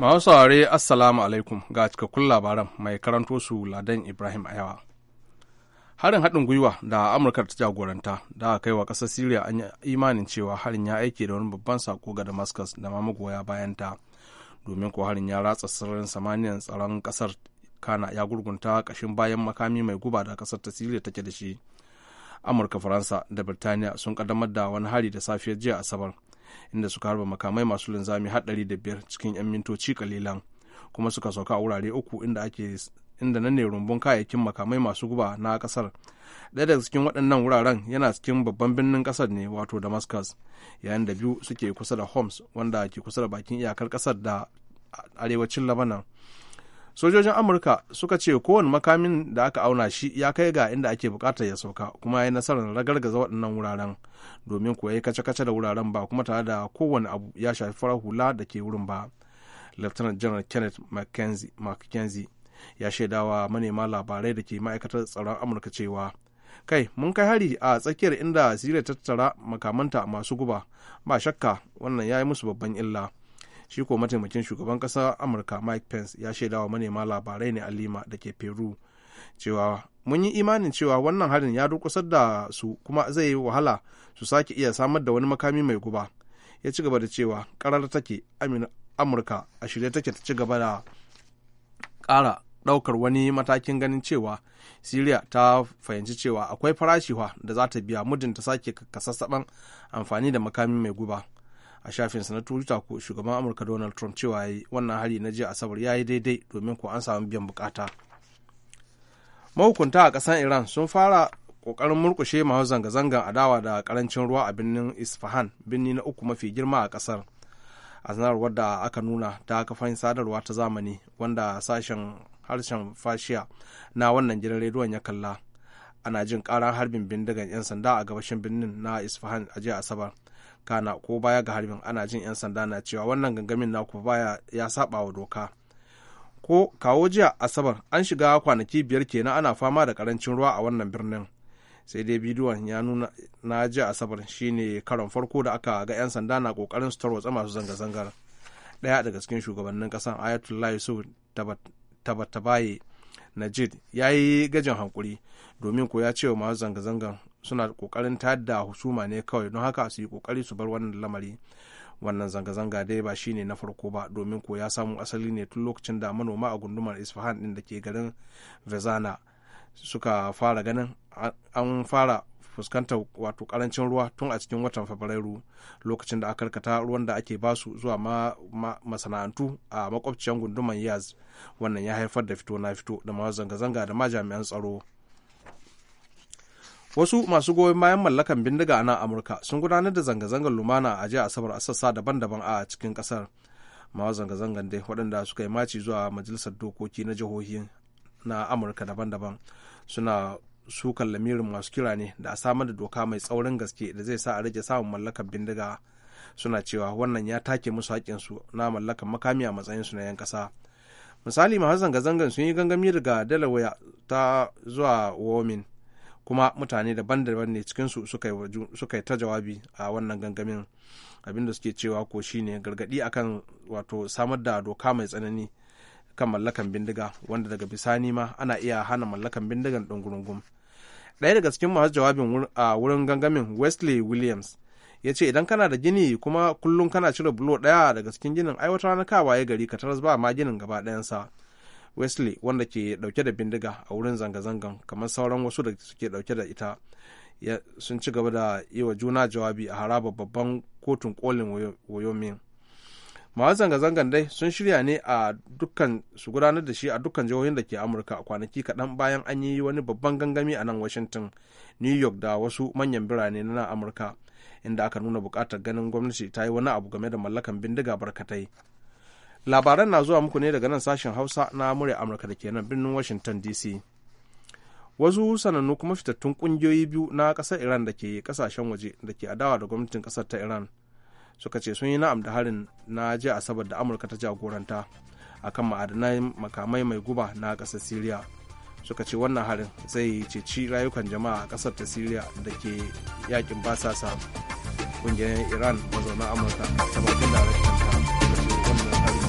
Masu saurare Assalamu alaikum ga cikakkun labaran mai karanto su Ladan Ibrahim Ayawa. Harin haɗin gwiwa da Amurka ta jagoranta da aka kai wa ƙasar Siriya an imanin cewa harin ya aike da wani babban sako ga Damascus da ma magoya ta Domin ko harin ya ratsa sararin samaniyar tsaron ƙasar Kana ya gurgunta ƙashin bayan makami mai guba da ƙasar ta Siriya take da shi. Amurka, Faransa da Birtaniya sun ƙaddamar da wani hari da safiyar jiya Asabar. inda suka harba makamai masu linzami haɗari da biyar cikin 'yan mintoci kalilan kuma suka sauka a wurare uku inda ake inda nan ne rumbun kayayyakin makamai masu guba na kasar ɗaya daga cikin waɗannan wuraren yana cikin babban birnin ƙasar ne wato damascus yayin da biyu suke kusa da homs wanda ke kusa da bakin iyakar ƙasar da arewacin labanan sojojin amurka suka ce kowane makamin da aka auna shi ya kai ga inda ake bukatar ya sauka kuma ya yi nasarar ragargaza waɗannan wuraren domin kuwa ya kace-kace da wuraren ba kuma tare da kowane abu ya shafi farar hula da ke wurin ba lieutenant general kenneth mckenzie ya shaidawa manema labarai da ke ma'aikatar tsaron amurka cewa kai mun kai hari a tsakiyar inda siriya tattara makamanta masu guba ba shakka wannan ya yi musu babban illa shi ko mataimakin shugaban ƙasar amurka mike pence ya shaidawa manema labarai ne a lima da ke peru cewa mun yi imanin cewa wannan harin ya durkusar da su kuma zai yi wahala su sake iya samar da wani makami mai guba ya ci gaba da cewa karar take amurka a shirye take ta ci gaba da kara daukar wani matakin ganin cewa siriya ta fahimci cewa akwai farashi da za ta biya muddin ta sake kasassaban amfani da makami mai guba a shafinsa na twitter ko shugaban amurka donald trump cewa yi wannan hari na jiya asabar ya yi daidai domin ko an samu biyan bukata mahukunta a ƙasar iran sun fara kokarin murkushe masu zanga-zangan adawa da karancin ruwa a birnin isfahan birni na uku mafi girma a ƙasar a sanarwar da aka nuna ta kafin sadarwa ta zamani wanda sashen harshen fashiya na wannan gidan rediyon ya kalla ana jin karan harbin bindigan 'yan sanda a gabashin birnin na isfahan a jiya asabar kana ko baya ga harbin ana jin 'yan sanda na cewa wannan gangamin naku baya ya saba wa doka ko kawo jiya asabar an shiga kwanaki biyar kenan ana fama da karancin ruwa a wannan birnin sai dai bidiyon ya nuna na jiya asabar shine karon farko da aka ga 'yan sanda na kokarin su tarwatsa masu zanga-zangar daya daga cikin shugabannin kasan ayatollah yusuf tabatabaye najid ya yi gajin hankuri domin ko ya ce wa masu zanga-zangar suna kokarin tayar da husuma ne kawai don haka su yi kokari su bar wannan lamari wannan zanga-zanga dai ba shine na farko ba domin ko ya samu asali ne tun lokacin da manoma a gundumar isfahan din da ke garin vezana suka fara ganin an fara fuskantar wato karancin ruwa tun a cikin watan fabrairu lokacin da aka karkata ruwan da ake basu zuwa masana'antu a makwabciyar gunduman yaz wannan ya haifar da fito na fito da ma zanga-zanga da ma jami'an tsaro wasu masu goyon bayan mallakan bindiga a nan amurka sun gudanar da zanga-zangar lumana a jiya asabar a sassa daban-daban a cikin kasar mawa zanga-zangar dai waɗanda suka yi maci zuwa majalisar dokoki na jihohi na amurka daban-daban suna sukan lamirin masu kira ne da a samar da doka mai tsaurin gaske da zai sa a rage samun mallakan bindiga suna cewa wannan ya take musu haƙƙinsu na mallakan makami a matsayinsu na 'yan ƙasa misali masu zanga-zangar sun yi gangami daga delaware ta zuwa womin kuma mutane daban-daban ne cikinsu suka yi ta jawabi a wannan gangamin abinda suke cewa ko shine gargadi akan wato samar da doka mai tsanani kan mallakan bindiga wanda daga bisani ma ana iya hana mallakan bindigan ɗungurungun ɗaya daga cikin masu jawabin a wurin gangamin wesley williams ya ce idan kana da gini kuma kullum kana cire bulo ɗaya daga cikin ginin aiwatar na kawaye gari ka taras ba ma ginin gaba ɗayansa wesley wanda ke dauke da bindiga a wurin zanga-zangan kamar sauran wasu da suke dauke da ita sun ci gaba da yi wa juna jawabi a haraba babban kotun kolin wyoming masu zanga-zangan dai sun shirya ne a dukkan su gudanar da shi a dukkan jihohin da ke amurka a kwanaki kaɗan bayan an yi wani babban gangami a nan washington new york da wasu manyan birane na amurka inda aka nuna buƙatar ganin gwamnati ta yi wani abu game da mallakan bindiga barkatai labaran na zuwa muku ne daga nan sashen hausa na murya amurka da ke nan birnin washington dc wasu sanannu kuma fitattun kungiyoyi biyu na kasar iran da ke kasashen waje da ke adawa da gwamnatin kasar ta iran suka ce sun yi na'am da harin na jiya asabar da amurka ta jagoranta kan ma'adanai makamai mai guba na kasar syria suka ce wannan harin zai ceci rayukan jama'a a kasar ta syria da ke yakin basasa kungiyar iran mazauna amurka ta bakin daraktan ta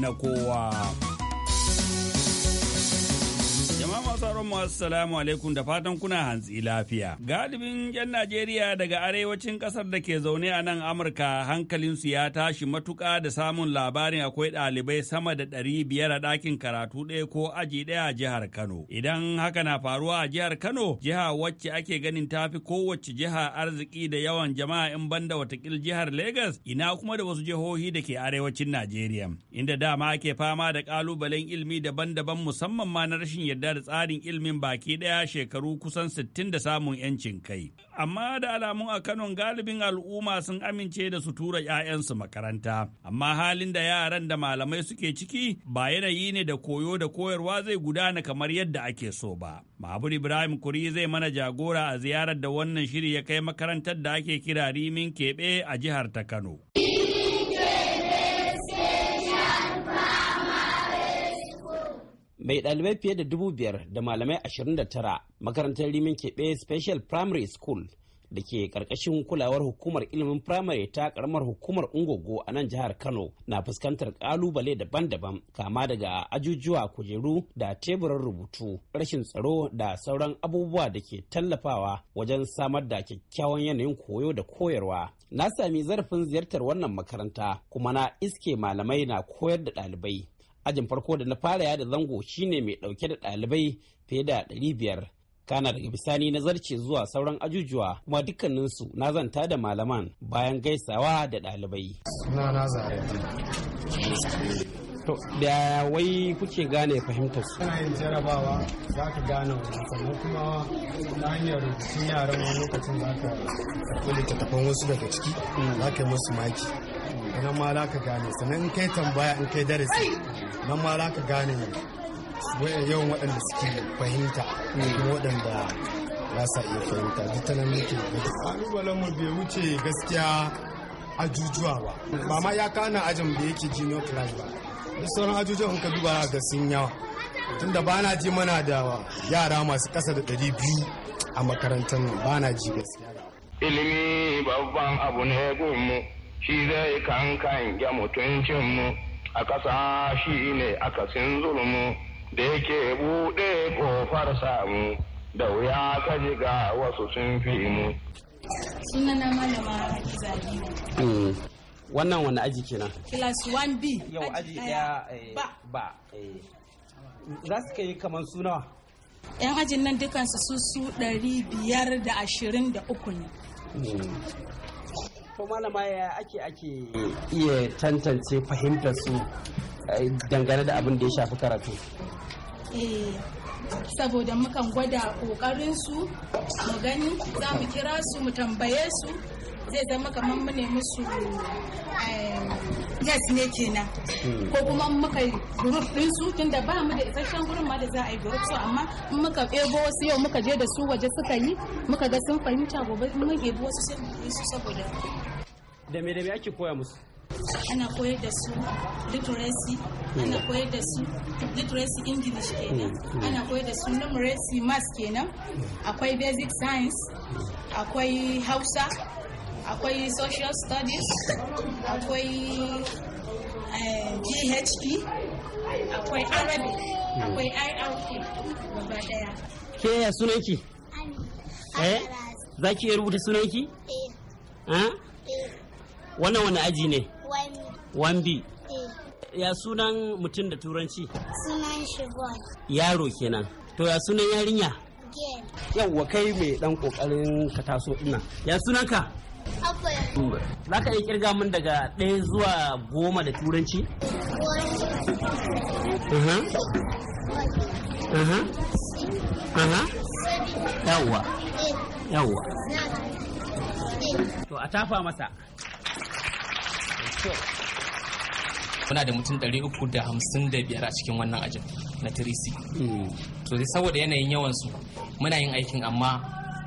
na kowa. masu mu alaikum da fatan kuna hantsi lafiya. Galibin 'yan Najeriya daga arewacin kasar da ke zaune a nan Amurka hankalinsu ya tashi matuka da samun labarin akwai ɗalibai sama da ɗari biyar a ɗakin karatu ɗaya ko aji ɗaya a jihar Kano. Idan haka na faruwa a jihar Kano, jiha wacce ake ganin tafi kowace jiha arziki da yawan jama'a in banda watakil jihar Legas, ina kuma da wasu jihohi da ke arewacin Najeriya, inda dama ake fama da ƙalubalen ilimi daban-daban musamman ma na rashin yarda da tsari tsarin ilmin baki ɗaya shekaru kusan 60 da samun 'yancin kai. Amma da alamun a Kano galibin al'umma sun amince da su tura 'ya'yansu makaranta. Amma halin da yaran da malamai suke ciki ba yanayi ne da koyo da koyarwa zai gudana kamar yadda ake so ba. Mahabur Ibrahim Kuri zai mana jagora a ziyarar da wannan shiri ya kai makarantar da ake kira Rimin Keɓe a jihar ta Kano. mai ɗalibai fiye da dubu biyar da malamai ashirin da tara makarantar rimin keɓe special primary school da ke ƙarƙashin kulawar hukumar ilimin firamare ta ƙaramar hukumar ungogo a nan jihar kano na fuskantar ƙalubale daban-daban kama daga ajujuwa kujeru da teburin rubutu rashin tsaro da sauran abubuwa da ke tallafawa wajen samar da kyakkyawan yanayin koyo da koyarwa na sami zarafin ziyartar wannan makaranta kuma na iske malamai na koyar da ɗalibai Ajin farko da na fara yada zango shine mai ɗauke da ɗalibai fiye da ɗari biyar. Kana daga bisani na zarce zuwa sauran ajujuwa kuma dukkaninsu na zanta da malaman bayan gaisawa da ɗalibai. da wai kuke gane fahimtar su kana yin jarabawa za ka gane wani sannan kuma na hanyar rubutun yaran wani lokacin za ka kuli ta tafan wasu daga ciki za ka yi musu maki nan ma za ka gane sannan in kai tambaya in kai darasi nan ma za ka gane yawan waɗanda suke fahimta kuma waɗanda ba sa iya fahimta duk ta nan nake ƙalubalen mu bai wuce gaskiya ajujuwa ba ba ma ya kana ajin da yake no class ba duk sauran ajujuwa in ka duba ga sun yawa tunda ba na ji mana da yara masu ƙasa da ɗari biyu a makarantar nan ba na ji gaskiya ilimi babban abu ne gunmu shi zai kankan ya mutuncinmu a ƙasa shi ne akasin zulmu da yake buɗe ƙofar samu da wuya ka ji ga wasu sun fi mu. Sunana malama Hadiza mm. Wannan wani aji kenan? Class 1B. Yau aji ɗaya eh, ba. Ba. Eh. Za su kai kamar suna. 'Yan ajin nan dukansu su su ɗari biyar da ashirin da uku ne. Mm. to malama ya ake ake iya tantance fahimta su eh, dangane da abin da ya shafi karatu eh, saboda mukan gwada kokarin su mu gani za mu kira su mu tambaye su zai zama kamar mu ne musu eh, yes ne kenan hmm. ko kuma muka yi group din su tunda ba mu da isasshen gurin ma da za a yi group su amma in muka ebo wasu yau muka je da su waje suka yi muka ga sun fahimta gobe mun ebo wasu sai mu su saboda da me da me ake koya musu ana koyar da su literacy ana hmm. koyar da su literacy english kenan hmm. Hmm. ana koyar da su numeracy math kenan akwai basic science akwai hausa akwai social studies akwai eh, ghp akwai arabic akwai irk gaba daya ke ya sunanki eh za ki iya rubuta sunanki eh, eh? wannan wani aji ne wambi eh. ya sunan mutum da turanci sunan shibon yaro kenan to ya sunan yarinya yawwa kai mai dan kokarin ka taso ina ya sunan ka za ka yi kirga min daga ɗaya zuwa goma da turanci yawwa yawwa eh. eh. to a tafa masa muna da mutum ɗari uku da da hamsin biyar a cikin wannan ajin na 3 hmm. to saboda yanayin yawan su muna yin aikin amma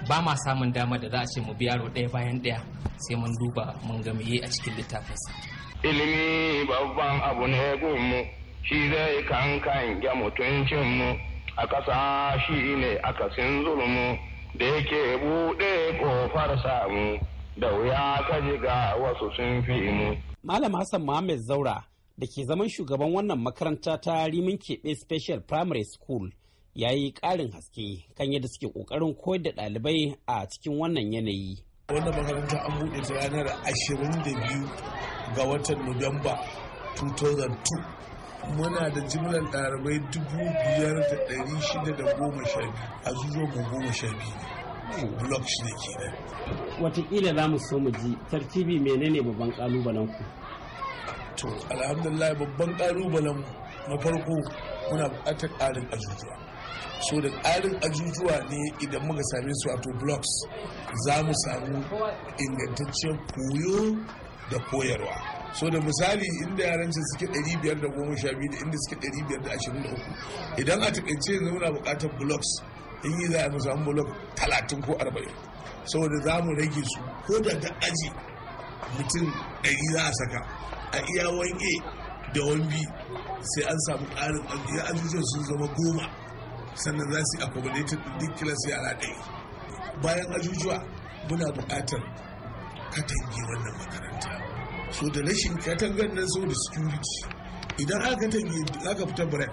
ba ma samun dama da za a ce mu bi yaro ɗaya bayan ɗaya sai mun duba mun gamiye a cikin littafinsa ilimi babban abu ne gunmu shi zai kankan ya mutuncinmu a ƙasa shi ne akasin zulmu da yake buɗe ƙofar samu da wuya ka ji ga wasu sun fi mu Malam Hassan Mohammed Zaura da ke zaman shugaban wannan makaranta ta Rimin Keɓe Special Primary School ya yi ƙarin haske kan yadda suke ƙoƙarin koyar da ɗalibai a cikin wannan yanayi. Wannan makaranta an buɗe ta ranar 22 ga watan Nuwamba 2002. Muna da jimlar ɗalibai 5,612 a zuwa goma sha biyu. blok shi ne ke nan watakila za mu so mu ji tartibi menene babban ƙalubalen ku to alhamdulillah babban kalubalen na farko muna buƙatar ƙarin ajujuwa so da ƙarin ajujuwa ne idan muka same su wato blocks za mu samu ingantaccen koyo da koyarwa so da misali inda yaranci suke 512 da inda suke 523 idan a takaice yanzu muna bukatar blocks in yi za a musamman bulok talatin ko arba'in saboda za mu rage su ko da ta aji mutum ɗari za a saka a iya wani da wani sai an samu ƙarin ajiye ajujuwan sun zama goma sannan za su yi accommodated duk kilas yara ɗaya bayan ajujuwa muna buƙatar katange wannan makaranta so da rashin katangar nan da security idan aka katange ka fita break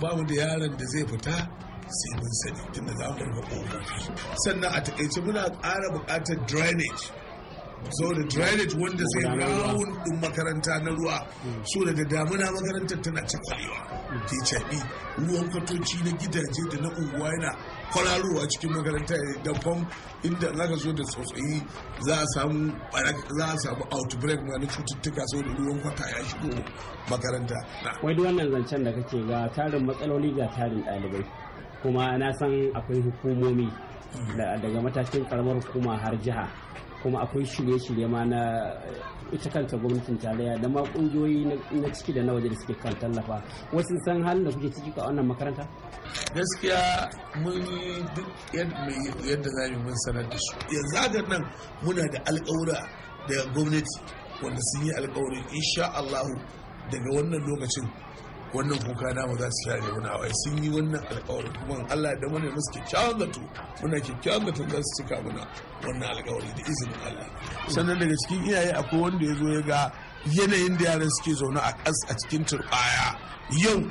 babu da yaron da zai fita sai mun sani tunda za mu rufe kofofi sannan a takaice muna ƙara buƙatar drainage so da drainage wanda zai rawun ɗin makaranta na ruwa mm. so da damuna makarantar tana cakwarewa mm. hiv ruwan kwatoci na gidaje da na unguwa yana kwararowa cikin makaranta da fam inda za zo da tsotsayi za a samu za a outbreak ma na cututtuka so da ruwan kwata ya shigo makaranta wai wannan zancen da kake ga tarin matsaloli ga tarin ɗalibai kuma na san akwai hukumomi daga matakin karamar hukuma har jiha kuma akwai shirye-shirye ma na eh, ita kanta gwamnatin tarayya da ma kungiyoyi na ciki da na waje da suke kan tallafa wasu san halin da kuke ciki a wannan makaranta gaskiya mun yi duk yadda za mu mun sanar da su yanzu haka nan muna da alƙawura daga gwamnati wanda sun yi alƙawarin insha Allah daga wannan lokacin wannan kuka namu za su share wani hawaye sun yi wannan alkawarin kuma Allah da mana musu kyakkyawan zato muna kyakkyawan zato za su cika mana wannan alkawari da izinin Allah sannan daga cikin iyaye akwai wanda ya zo ya ga yanayin da yaran suke zaune a kas a cikin turbaya yau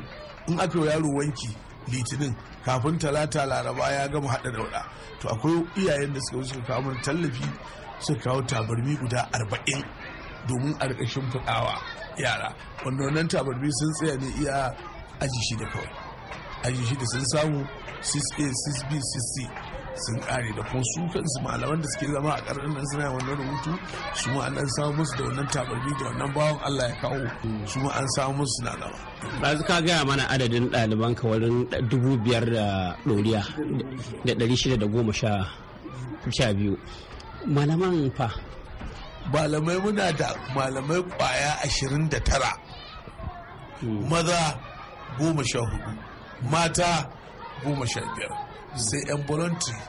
in aka yi yaro wanki litinin kafin talata laraba ya gama haɗa dauɗa to akwai iyayen da suka suka kawo mana tallafi suka kawo tabarmi guda arba'in domin a riƙa yara wanda wannan tabarbi sun tsaya ne iya aji da kawai aji da sun samu 6a 6b 6c sun kare da kuma su kansu malaman da suke zama a ƙarƙar nan suna wannan rubutu su ma an samu musu da wannan tabarbi da wannan bawan Allah ya kawo su ma an samu musu na zama. Ɗazu ka gaya mana adadin ɗaliban ka wurin dubu biyar da ɗoriya da ɗari shida da goma sha biyu. Malaman fa malamai muna da malamai kwaya ashirin da tara hmm. maza goma mata goma sai yan voluntary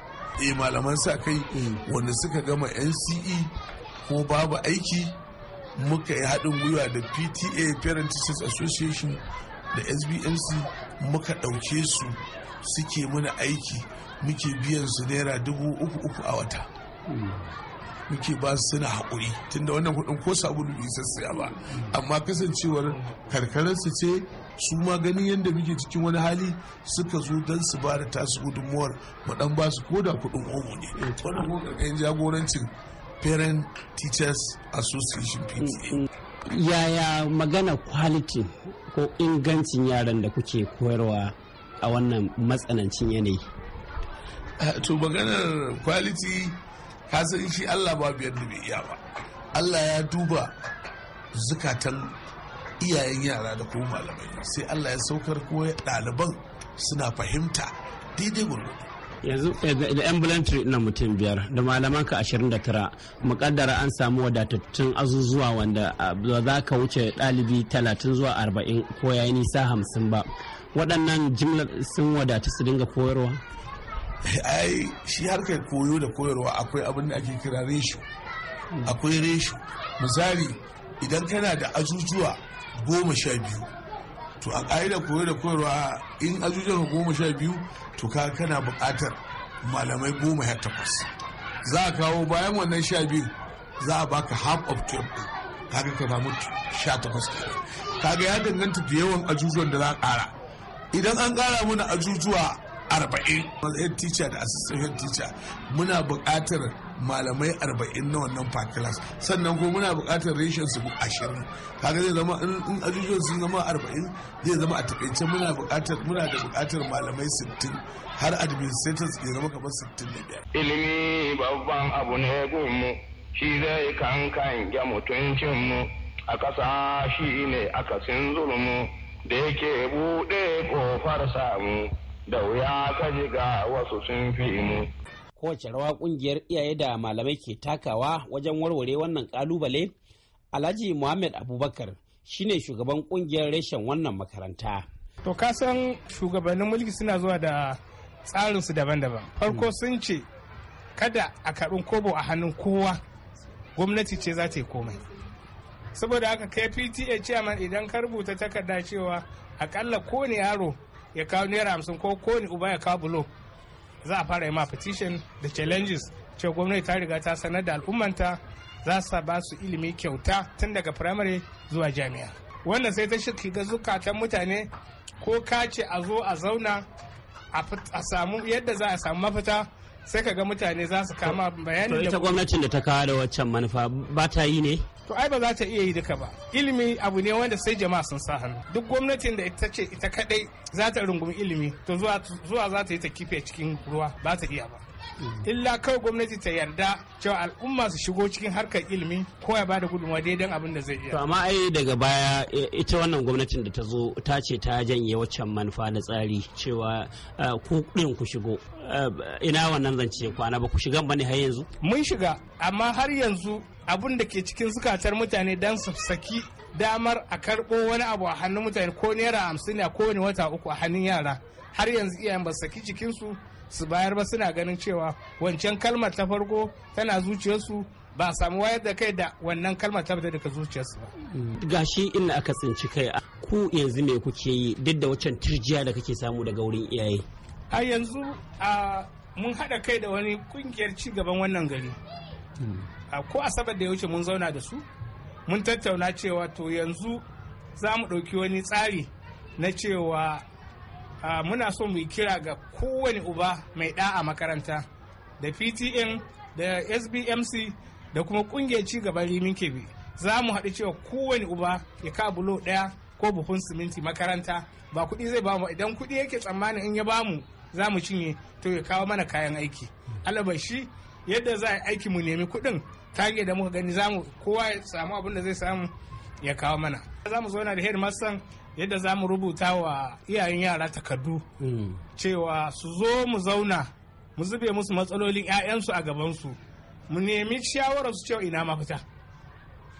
e malaman sa kai hmm. wanda suka gama nce ko babu aiki muka yi haɗin gwiwa da pta parent teachers association da sbmc muka ɗauke su suke mana aiki muke biyan su naira dubu uku uku a wata hmm. muke ba su suna haƙuri tunda wannan kuɗin ko sabulu bai siya ba amma kasancewar karkararsu ce su ma ganin yadda muke cikin wani hali suka zo don su ba da tasu gudunmuwar mu dan ba su koda kuɗin omo ne wannan kuma ƙarƙashin jagorancin parent teachers association pta yaya magana quality ko ingancin yaran da kuke koyarwa a wannan matsanancin yanayi ah, to maganar quality Ka san shi Allah ba biyar da bai iya ba Allah ya duba zukatan iyayen yara da kuma malamai sai Allah ya saukar kuma ɗaliban suna fahimta daidai gurgudu yanzu eh, da yan na mutum biyar da malaman ka 29 mukaddara an samu wadatattun azuzuwa wanda ah, ba za ka wuce dalibi 30 zuwa 40 ko yayi nisa 50 ba waɗannan jimlar sun wadatu su dinga koyarwa ai shi harkar koyo da koyarwa akwai abin da ake kira reshu akwai reshu misali idan kana da ajujuwa goma sha biyu to a ƙa'idar koyo da koyarwa in ajujuwa goma sha biyu to ka kana buƙatar malamai goma ya takwas za a kawo bayan wannan sha biyu za a baka half of twelve kaga ka samu sha takwas kaga ya danganta da yawan ajujuwan da za a ƙara idan an ƙara mana ajujuwa arba'in head teacher da assistant head teacher muna buƙatar malamai arba'in na wannan part class sannan kuma muna buƙatar reshen su ashirin kaga zai zama in ajujuwan sun zama arba'in zai zama a takaice muna buƙatar muna da buƙatar malamai sittin har administrators ya zama kamar sittin da biyar. ilimi babban abu ne gunmu shi zai kankan ya mutuncinmu a ƙasa shi ne akasin zulumu da yake buɗe ƙofar samu. da wuya ka ga wasu sun fi mu. Kowace rawa kungiyar iyaye da malamai ke takawa wajen warware wannan kalubale, Alhaji Muhammad Abubakar shine shugaban kungiyar reshen wannan makaranta. To ka san shugabannin mulki suna zuwa da tsarinsu daban-daban. Farko sun ce kada a karɓin kobo a hannun kowa gwamnati ce za ta yi komai. Saboda haka kai PTA chairman idan ka rubuta takarda cewa akalla kowane yaro ya kawo naira hamsin ko kowane uba ya kawo bulo za a fara yi ma petition da challenges cewa gwamnati ta riga ta sanar da al'ummanta za su ba su ilimi kyauta tun daga firamare zuwa jami'a Wannan sai ta shiga zukatan mutane ko ka ce a zo a zauna a samu yadda za a samu mafita sai ka ga mutane za su kama bayanin da ita gwamnatin da ta kawo da waccan manufa ba ta yi ne to ai ba za ta iya yi duka ba ilimi abu ne wanda sai jama'a sun sa hannu duk gwamnatin da ita ce ita kadai za ta rungumi ilimi to zuwa za ta yi ta kife cikin ruwa ba ta iya ba illa kawai gwamnati ta yarda cewa al'umma su shigo cikin harkar ilimi ko ya bada gudunmawa daidan abin da zai iya to amma ai daga baya eh, ita wannan gwamnatin da ta zo ta ce ta janye waccan manufa da tsari cewa eh, ku din ku shigo eh, ina wannan zance kwana ba ku shigan bane har yanzu mun shiga amma har yanzu abin da ke cikin zukatar mutane dan su saki damar a karɓo wani abu a hannun mutane ko naira hamsin a kowane wata uku a hannun yara har yanzu iyayen ba saki jikinsu su bayar ba suna ganin cewa wancan kalmar ta farko tana zuciyarsu ba samu wayar da kai da wannan kalmar ta fita daga zuciyarsu ba. Gashi ina aka tsinci kai a. ku yanzu me kuke yi duk da waccan turjiya da kake samu daga wurin iyaye. A yanzu a mun haɗa kai da wani kungiyar ci gaban wannan gari. A ko asabar da ya wuce mun zauna da su mun tattauna cewa to yanzu za mu ɗauki wani tsari na cewa Ah, muna so mu kira ga kowane uba mai ɗa a makaranta da ptn da sbmc da kuma ƙungiyar ci gaban rimin kebe za mu haɗu cewa kowane uba ya ka bulo ɗaya ko buhun siminti makaranta ba kuɗi zai bamu idan kuɗi yake tsammanin in ya bamu za mu cinye to ya kawo mana kayan aiki alabashi yadda za a aiki mu nemi kuɗin tage da muka gani mu kowa ya samu abin da zai samu ya kawo mana za mu zauna da headmaster yadda za mu rubuta wa iyayen yara takardu hmm. cewa su zo mu zauna mu zube musu matsalolin 'ya'yansu a gabansu mu nemi shawararsu cewa ina mafita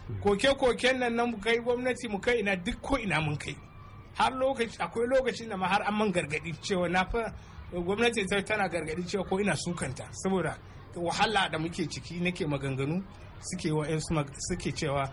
hmm. koke-koken nan nan mu kai gwamnati mu kai ina duk ko ina mun kai har lokaci akwai lokacin da ma har an man gargadi cewa na fa gwamnati tana gargadi cewa ko ina sukanta saboda wahala da muke ciki nake maganganu suke wa suke cewa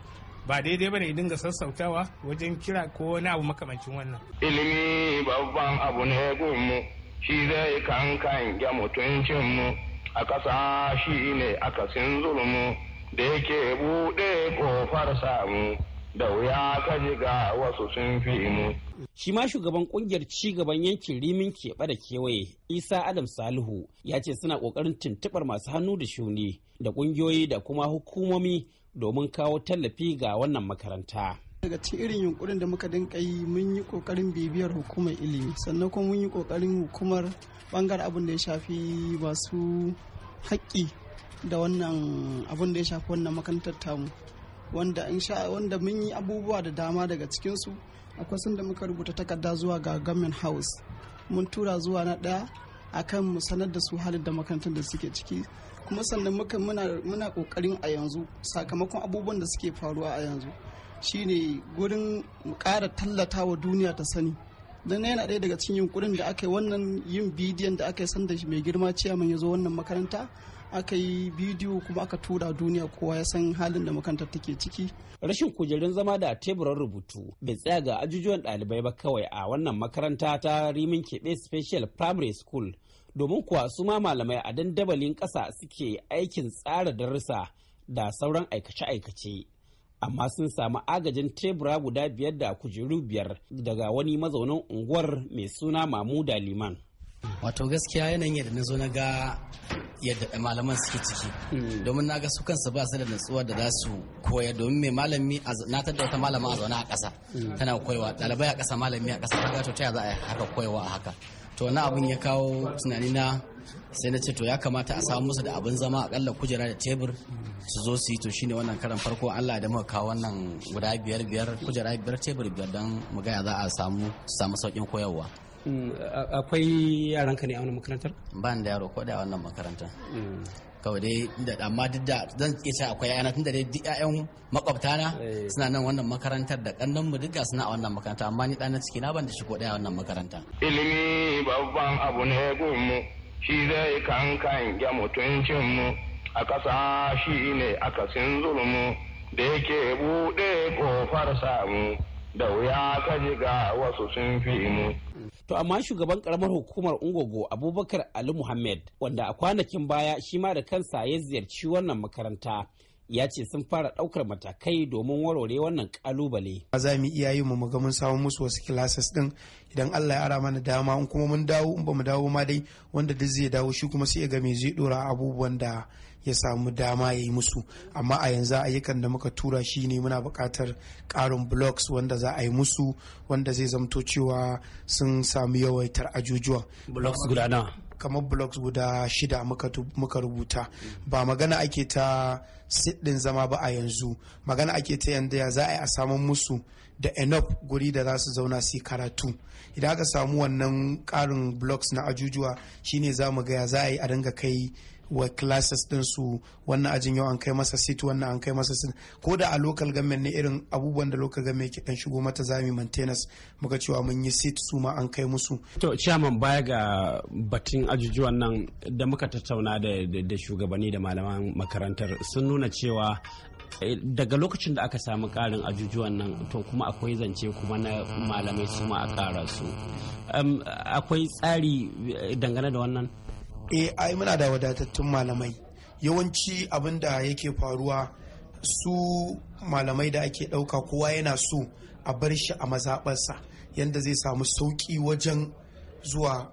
ba daidai ba ne dinga sassautawa wajen kira ko wani abu makamancin wannan ilimi babban abu ne mu shi zai kankan ya mutuncinmu a ƙasa shi ne akasin zulmu da yake buɗe ƙofar samu da wuya ka jiga wasu sun fi mu. Shi ma shugaban kungiyar ci gaban yankin rimin keɓe da kewaye Isa Adam Salihu ya ce suna ƙoƙarin tuntuɓar masu hannu da shuni da ƙungiyoyi da kuma hukumomi domin kawo tallafi ga wannan makaranta. daga cikin irin yunkurin da muka dinka yi mun yi kokarin bibiyar hukumar ilimi sannan kuma mun yi kokarin hukumar bangar abin da ya shafi masu haƙƙi da wannan abin da ya shafi wannan makarantar tamu wanda wanda mun yi abubuwa da dama daga cikinsu akwai sun da muka rubuta takarda zuwa ga government house mun tura zuwa na ɗaya akan mu sanar da su halin da makarantar da suke ciki kuma sannan muka muna kokarin a yanzu sakamakon abubuwan da suke faruwa a yanzu shine gurin kara tallata wa duniya ta sani don yana ɗaya daga cikin yunkurin da aka yi wannan yin bidiyon da aka yi sanda mai girma ciyaman ya zo wannan makaranta aka yi bidiyo kuma aka tura duniya kowa ya san halin da makarantar take ciki. Rashin kujerun zama da teburan rubutu bai tsaya ga ajujuwan ɗalibai ba kawai a wannan makaranta ta Rimin Keɓe Special Primary School domin kuwa su ma malamai a dandabalin ƙasa suke aikin tsara darussa da sauran aikace-aikace amma sun samu agajin tebura guda biyar da kujeru biyar daga wani mazaunin unguwar mai suna da liman wato gaskiya yanayin yadda na zo na ga yadda malaman suke ciki hmm. domin na ga su kansu ba su da natsuwa da za su koya domin mai malami na tada wata malama a zaune a ƙasa hmm. tana koyawa ɗalibai a ƙasa malami a ƙasa ta to ta za a haka koyawa a haka to na abin ya kawo tunani na sai na ce to ya kamata a samu musu da abin zama akalla kujera da tebur su zo su yi to shine wannan karan farko Allah da muka kawo wannan guda biyar biyar kujera biyar tebur biyar don mu ga za a samu samu saukin koyarwa hmm, akwai yaranka ne a wannan makarantar ban da yaro ko da wannan makarantar hmm. kawai dai da amma duk da zan iya ce akwai ƴaƴana tunda dai duk ƴaƴan makwabtana eh. suna nan wannan makarantar da kannan mu duka suna a wannan makaranta amma ni ɗana ciki ban da shi ko a wannan makaranta ilimi babban abu ne gunmu shi zai kankan ya mutuncin mu a ƙasa shi ne akasin zulmu da yake buɗe ƙofar samu da wuya ka jiga wasu sun fi mu To amma shugaban karamar hukumar Ungogo Abubakar Ali Muhammad wanda a kwanakin baya shi ma da kansa ya ziyarci wannan makaranta ya ce sun fara daukar matakai domin warware wannan kalubale. Za mu iya yi mu ga mun samu musu wasu classes din idan Allah ya ara mana dama in kuma mun dawo in ba mu dawo ma dai wanda duk zai dawo shi kuma sai ya ga me zai dora abubuwan da ya samu dama ya yi musu amma a yanzu ayyukan da muka tura shi ne muna buƙatar ƙarin blocks wanda za a yi musu wanda zai zamto cewa sun samu yawaitar ajujuwa blocks guda nawa kamar blocks guda shida muka rubuta ba magana ake ta siddin zama ba a yanzu magana ake ta yanda ya za a yi a samun musu da enough guri da za su zauna su karatu idan aka samu wannan karin blocks na ajujuwa shine za mu ga za a yi a dinga kai wa classes din su wannan ajin yau an kai masa seat wannan an kai masa sit ko da a local government ne irin abubuwan da local government ke dan shigo mata zami maintenance muka cewa mun yi sit su ma an kai musu to chairman baya ga batun ajujuwan nan da muka tattauna da shugabanni da malaman makarantar sun nuna cewa eh, daga lokacin da aka samu karin ajujuwan nan to kuma akwai zance kuma na malamai su ma a kara su akwai tsari eh, dangane da wannan eh ai muna da wadatattun malamai yawanci abin da yake faruwa su malamai da ake ɗauka kowa yana so a bar shi a mazaɓarsa yadda zai samu sauƙi wajen zuwa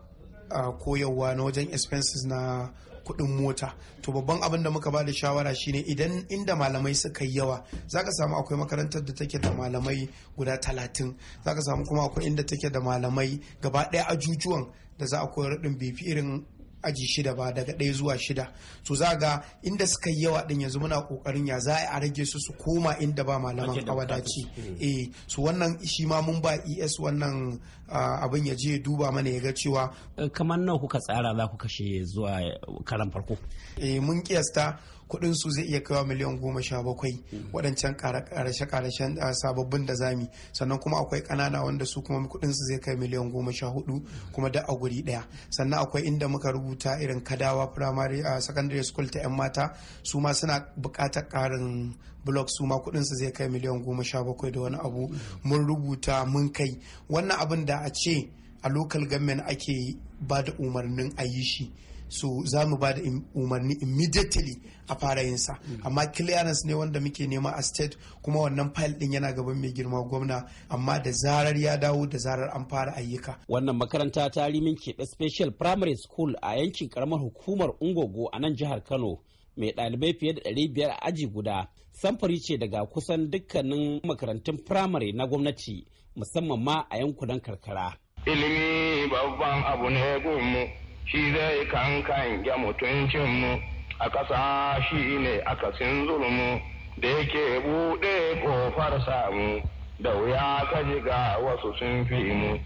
koyarwa na wajen expenses na kuɗin mota to babban abin da muka ba da shawara shine idan inda malamai suka yi yawa za ka samu akwai makarantar da take da malamai guda talatin ka samu kuma akwai inda take da malamai gaba ɗaya ajujuwan da za a koyar ɗin bifi irin aji shida ba daga ɗaya zuwa shida to za ga inda suka yi yawa ɗin yanzu muna ƙoƙarin ya za a rage su su koma inda ba malaman a wadaci eh, eh su wannan shi ma mun ba es wannan abin ya je duba mana ya ga cewa eh, kamar nawa kuka tsara za ku kashe zuwa karan farko eh mun kiyasta kuɗin su zai iya kawo miliyan goma sha bakwai waɗancan karashe-karashen ah, sababbin da zami sannan kuma akwai ƙanana wanda su kuma kuɗin su zai kai miliyan goma sha hudu kuma da a guri ɗaya sannan akwai inda muka rubuta irin kadawa primary a ah, secondary school ta 'yan mata su ma suna buƙatar ƙarin blog su ma kuɗin su zai kai miliyan goma sha bakwai da wani abu mun rubuta mun kai wannan abin da a ce a lokal government ake ba da umarnin a yi shi su za mu ba da umarni immediately a fara yin sa mm. amma clearance ne wanda muke nema a state kuma wannan file din yana gaban mai girma gwamna amma da zarar ya dawo da zarar an fara ayyuka wannan makaranta ta rimin keɓe special primary school a yankin karamar hukumar ungogo a nan jihar kano mai ɗalibai fiye da 500 a aji guda samfari ce daga kusan dukkanin makarantun firamare na gwamnati musamman ma a yankunan karkara ilimi babban abu ne gumu shi zai kankange mutuncinmu a ƙasa shi ne akasin zulmu da yake buɗe ƙofar samu da wuya ka ga wasu sun fi mu.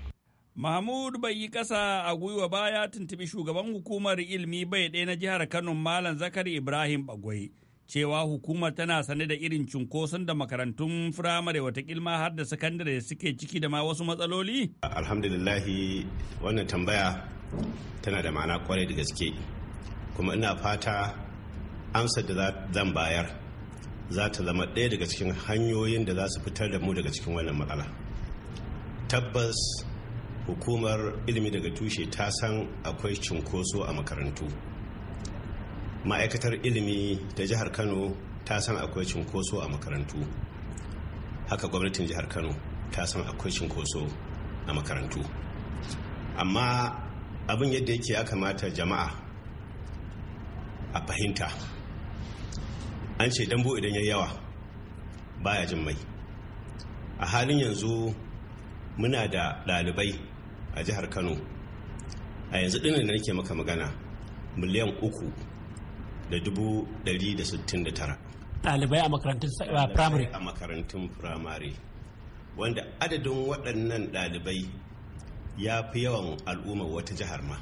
Mahmud bai yi ƙasa a gwiwa baya tuntubi shugaban hukumar ilmi bai ɗaya na jihar Kano Malam Zakari Ibrahim Bagwai. cewa hukumar tana sane da irin cunkoson da makarantun firamare watakilma har da sakandare suke ciki da ma wasu matsaloli? alhamdulillahi wannan tambaya tana da ma'ana kwarai da gaske kuma ina fata amsar da zan bayar za ta zama ɗaya daga cikin hanyoyin da za su fitar da mu daga cikin wannan matsala tabbas hukumar ilimi daga tushe ta san akwai cunkoso a makarantu ma'aikatar ilimi ta jihar kano ta san akwai cinkoso a makarantu haka gwamnatin jihar kano ta san akwai cinkoso a makarantu amma abin yadda yake ya kamata jama'a a fahimta an ce dambu idan ya yawa baya jin mai a halin yanzu muna da ɗalibai a jihar kano a yanzu ɗin da nake maka magana miliyan uku da dubu dari da sittin da tara ɗalibai a makarantun firamare a makarantun firamare wanda adadin waɗannan ɗalibai ya fi yawan al'ummar wata jihar ma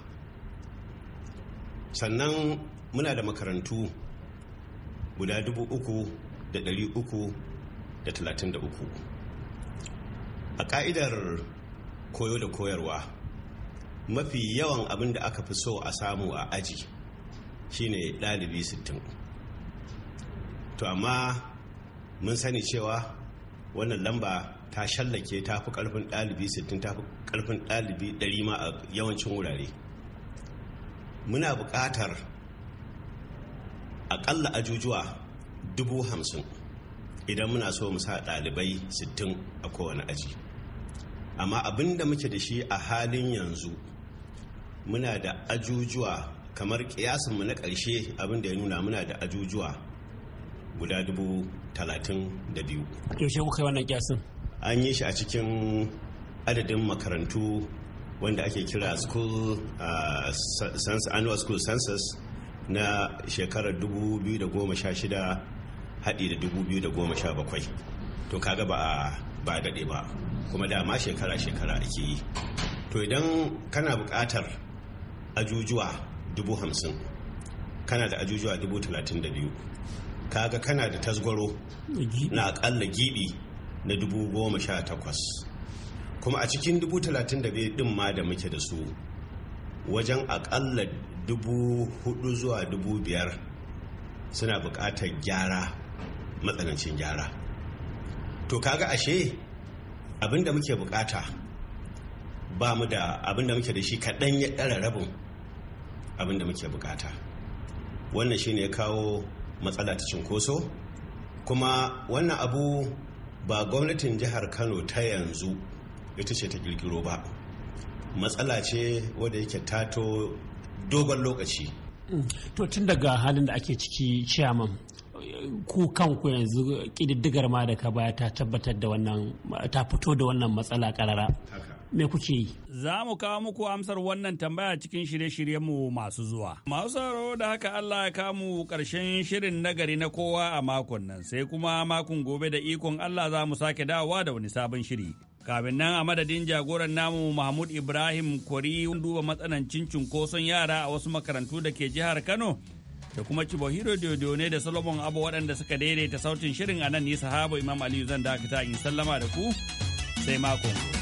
sannan muna da makarantu guda dubu uku da ɗari uku da talatin da uku a ka'idar koyo da koyarwa mafi yawan abin da aka fi so a samu a aji shine ɗalibi 60 to amma mun sani cewa wannan lamba ta shallake ta fi ƙarfin ɗalibi 60 ta fi ƙarfin ɗalibi 100 ma a yawancin wurare muna buƙatar aƙalla ajujuwa dubu hamsin idan muna so mu sa ɗalibai sittin a kowane aji amma abin da muke da shi a halin yanzu muna da ajujuwa kamar kiyasinmu na ƙarshe abin da ya nuna muna da ajujuwa guda dubu talatin da biyu yaushe kuka kai wannan kiyasin an yi shi a cikin adadin makarantu wanda ake kira school annual school census na shekarar 2016 haɗi da 2017 to kaga ba ba daɗe ba kuma dama shekara-shekara ake yi to idan kana buƙatar ajujuwa dubu hamsin kana da ajujuwa dubu talatin da biyu kaga kana da tasgwaro na akalla gidi na dubu goma sha takwas kuma a cikin dubu talatin da biyu din ma da muke da su wajen akalla dubu hudu zuwa dubu biyar suna buƙatar gyara matsanancin gyara to kaga ashe abinda muke bukata ba mu da abinda muke da shi kaɗan ya ɗara rabin abin da muke bukata wannan shine ya kawo matsala ta cinkoso kuma wannan abu ba gwamnatin jihar kano ta yanzu ita ce ta kirkiro ba matsala ce wadda yake tato dogon lokaci to tun daga halin da ake ciki ciyaman ku kanku yanzu kididdigar ma da ka baya ta tabbatar da wannan ta fito da wannan matsala karara me kuke yi. Za mu kawo muku amsar wannan tambaya cikin shirye-shiryenmu masu zuwa. Masu sauraro da haka Allah ya kamu ƙarshen shirin nagari na kowa a makon nan sai kuma makon gobe da ikon Allah za mu sake dawowa da wani sabon shiri. Kafin nan a madadin jagoran namu Mahmud Ibrahim Kwari duba matsanancin cunkoson yara a wasu makarantu da ke jihar Kano da kuma Cibohiro ne da Salomon Abu waɗanda suka daidaita sautin shirin a nan nisa habu Imam Aliyu zan dakata in sallama da ku sai makon gobe.